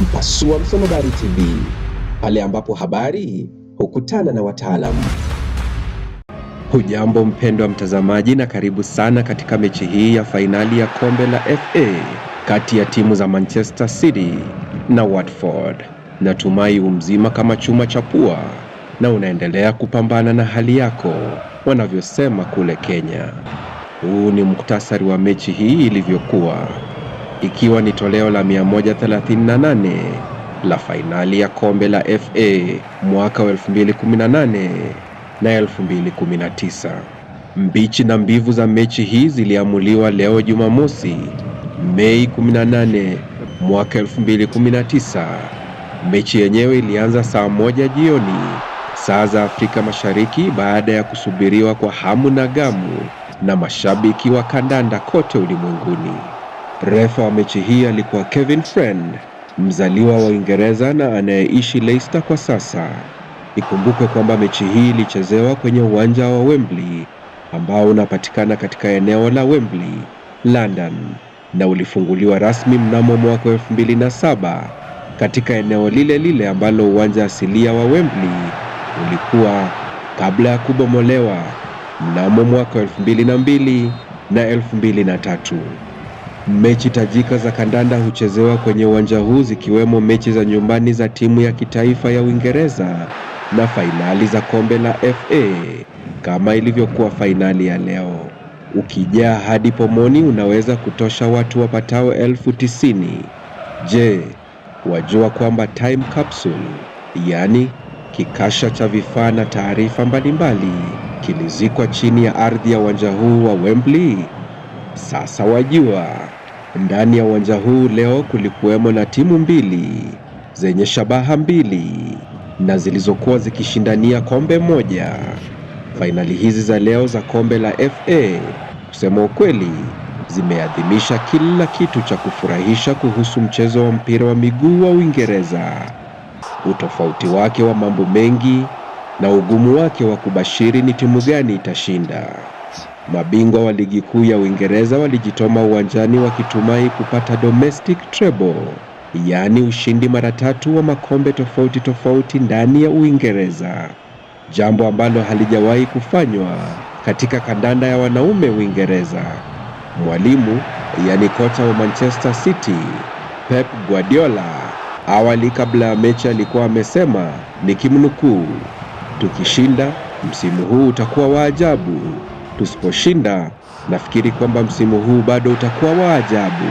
Mpasua Msoma TV, pale ambapo habari hukutana na wataalamu. Hujambo mpendwa mtazamaji, na karibu sana katika mechi hii ya fainali ya kombe la FA kati ya timu za Manchester City na Watford. Natumai umzima kama chuma cha pua na unaendelea kupambana na hali yako, wanavyosema kule Kenya. Huu ni muktasari wa mechi hii ilivyokuwa ikiwa ni toleo la 138 la fainali ya kombe la FA mwaka wa 2018 na 2019. Mbichi na mbivu za mechi hii ziliamuliwa leo Jumamosi, Mei 18 mwaka 2019. Mechi yenyewe ilianza saa moja jioni saa za Afrika Mashariki baada ya kusubiriwa kwa hamu na gamu na mashabiki wa kandanda kote ulimwenguni. Refa wa mechi hii alikuwa Kevin Friend, mzaliwa wa Uingereza na anayeishi Leicester kwa sasa. Ikumbukwe kwamba mechi hii ilichezewa kwenye uwanja wa Wembley ambao unapatikana katika eneo la Wembley, London na ulifunguliwa rasmi mnamo mwaka 2007 katika eneo lile lile ambalo uwanja asilia wa Wembley ulikuwa kabla ya kubomolewa mnamo mwaka 2002 na 2003. Mechi tajika za kandanda huchezewa kwenye uwanja huu zikiwemo mechi za nyumbani za timu ya kitaifa ya Uingereza na fainali za kombe la FA kama ilivyokuwa fainali ya leo. Ukijaa hadi pomoni unaweza kutosha watu wapatao elfu tisini. Je, wajua kwamba time capsule, yaani kikasha cha vifaa na taarifa mbalimbali kilizikwa chini ya ardhi ya uwanja huu wa Wembley? Sasa wajua, ndani ya uwanja huu leo kulikuwemo na timu mbili zenye shabaha mbili na zilizokuwa zikishindania kombe moja. Fainali hizi za leo za kombe la FA kusema ukweli, zimeadhimisha kila kitu cha kufurahisha kuhusu mchezo wa mpira wa miguu wa Uingereza, utofauti wake wa mambo mengi na ugumu wake wa kubashiri ni timu gani itashinda. Mabingwa wa ligi kuu ya Uingereza walijitoma uwanjani wakitumai kupata domestic treble, yaani ushindi mara tatu wa makombe tofauti tofauti ndani ya Uingereza, jambo ambalo halijawahi kufanywa katika kandanda ya wanaume Uingereza. Mwalimu yaani kocha wa Manchester City Pep Guardiola awali kabla ya mechi alikuwa amesema nikimnukuu, tukishinda msimu huu utakuwa wa ajabu tusiposhinda, nafikiri kwamba msimu huu bado utakuwa wa ajabu.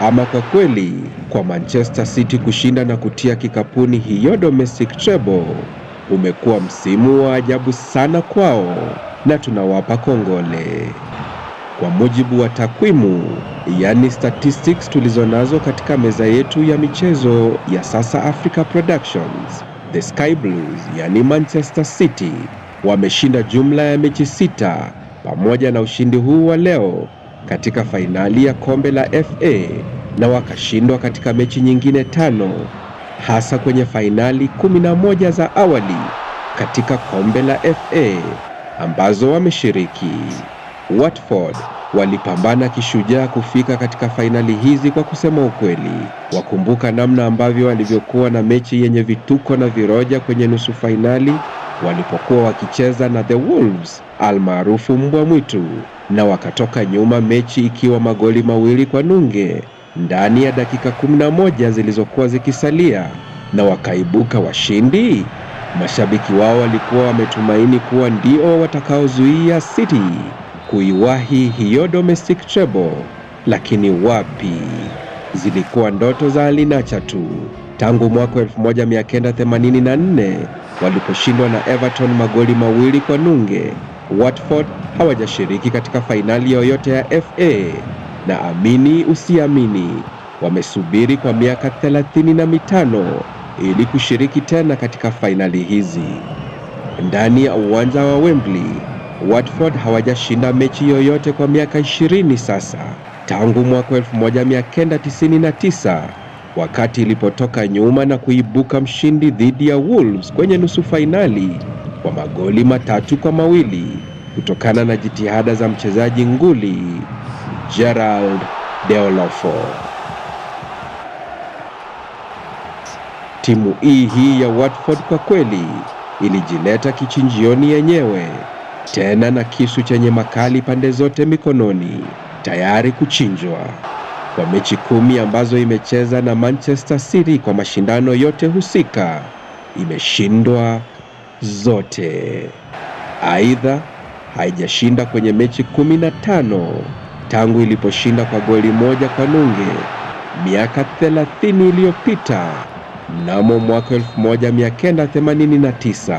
Ama kwa kweli, kwa Manchester City kushinda na kutia kikapuni hiyo domestic treble umekuwa msimu wa ajabu sana kwao, na tunawapa kongole. Kwa mujibu wa takwimu, yani statistics tulizonazo katika meza yetu ya michezo ya Sasa Africa Productions, the Sky Blues yani Manchester City wameshinda jumla ya mechi sita pamoja na ushindi huu wa leo katika fainali ya kombe la FA na wakashindwa katika mechi nyingine tano hasa kwenye fainali 11 za awali katika kombe la FA ambazo wameshiriki. Watford walipambana kishujaa kufika katika fainali hizi. Kwa kusema ukweli, wakumbuka namna ambavyo walivyokuwa na mechi yenye vituko na viroja kwenye nusu fainali walipokuwa wakicheza na the Wolves almaarufu mbwa mwitu, na wakatoka nyuma mechi ikiwa magoli mawili kwa nunge ndani ya dakika 11 zilizokuwa zikisalia, na wakaibuka washindi. Mashabiki wao walikuwa wametumaini kuwa ndio watakaozuia City kuiwahi hiyo domestic treble, lakini wapi, zilikuwa ndoto za alinacha tu. Tangu mwaka 1984 waliposhindwa na Everton magoli mawili kwa nunge. Watford hawajashiriki katika fainali yoyote ya FA na amini usiamini, wamesubiri kwa miaka thelathini na mitano ili kushiriki tena katika fainali hizi. Ndani ya uwanja wa Wembley, Watford hawajashinda mechi yoyote kwa miaka 20 sasa tangu mwaka 1999 wakati ilipotoka nyuma na kuibuka mshindi dhidi ya Wolves kwenye nusu fainali kwa magoli matatu kwa mawili kutokana na jitihada za mchezaji nguli Gerald Deolofo. Timu hii e hii ya Watford kwa kweli ilijileta kichinjioni yenyewe tena na kisu chenye makali pande zote mikononi tayari kuchinjwa kwa mechi kumi ambazo imecheza na Manchester City kwa mashindano yote husika imeshindwa zote. Aidha, haijashinda kwenye mechi kumi na tano tangu iliposhinda kwa goli moja kwa nunge miaka 30 iliyopita mnamo mwaka 1989.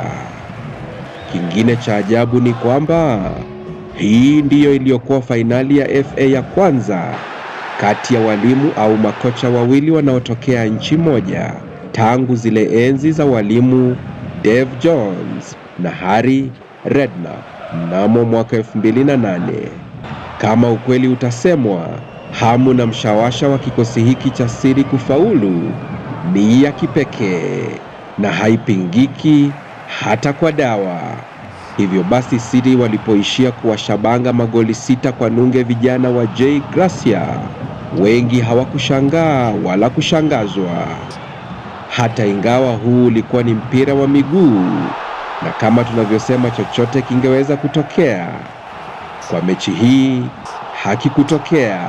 Kingine cha ajabu ni kwamba hii ndiyo iliyokuwa fainali ya FA ya kwanza kati ya walimu au makocha wawili wanaotokea nchi moja tangu zile enzi za walimu Dave Jones na Harry Redknapp mnamo mwaka 2008. Kama ukweli utasemwa, hamu na mshawasha wa kikosi hiki cha siri kufaulu ni ya kipekee na haipingiki hata kwa dawa. Hivyo basi siri walipoishia kuwashabanga magoli sita kwa nunge vijana wa Jay Gracia wengi hawakushangaa wala kushangazwa, hata ingawa huu ulikuwa ni mpira wa miguu, na kama tunavyosema, chochote kingeweza kutokea. Kwa mechi hii hakikutokea,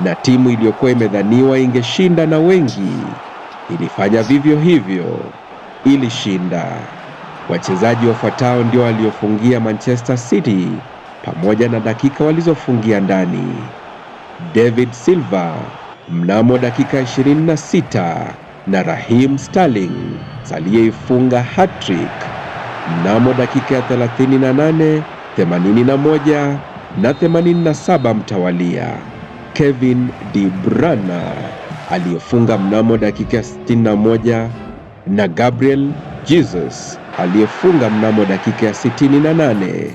na timu iliyokuwa imedhaniwa ingeshinda na wengi ilifanya vivyo hivyo, ilishinda. Wachezaji wafuatao ndio waliofungia Manchester City pamoja na dakika walizofungia ndani. David Silva mnamo dakika 26 na Raheem Sterling aliyeifunga hat-trick mnamo dakika ya 38, 81 na 87 mtawalia. Kevin De Bruyne aliyefunga mnamo dakika 61 na Gabriel Jesus aliyefunga mnamo dakika ya 68.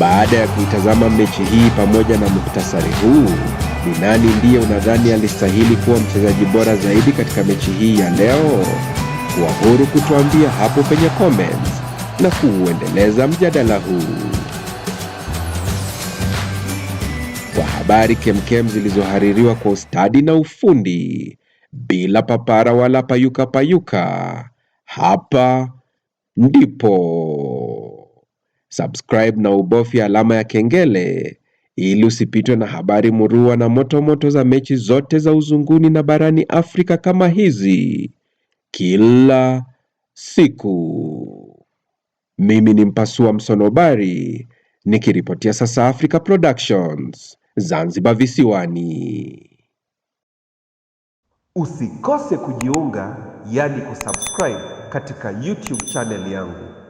Baada ya kuitazama mechi hii pamoja na muhtasari huu, ni nani ndiye unadhani alistahili kuwa mchezaji bora zaidi katika mechi hii ya leo? Kuwa huru kutuambia hapo kwenye comments na kuuendeleza mjadala huu. Kwa habari kemkem zilizohaririwa kwa ustadi na ufundi bila papara wala payuka payuka, hapa ndipo subscribe na ubofya alama ya kengele ili usipitwe na habari murua na moto moto za mechi zote za uzunguni na barani Afrika kama hizi kila siku. Mimi ni Mpasua Msonobari nikiripotia sasa Africa Productions Zanzibar visiwani. Usikose kujiunga, yani kusubscribe katika YouTube channel yangu.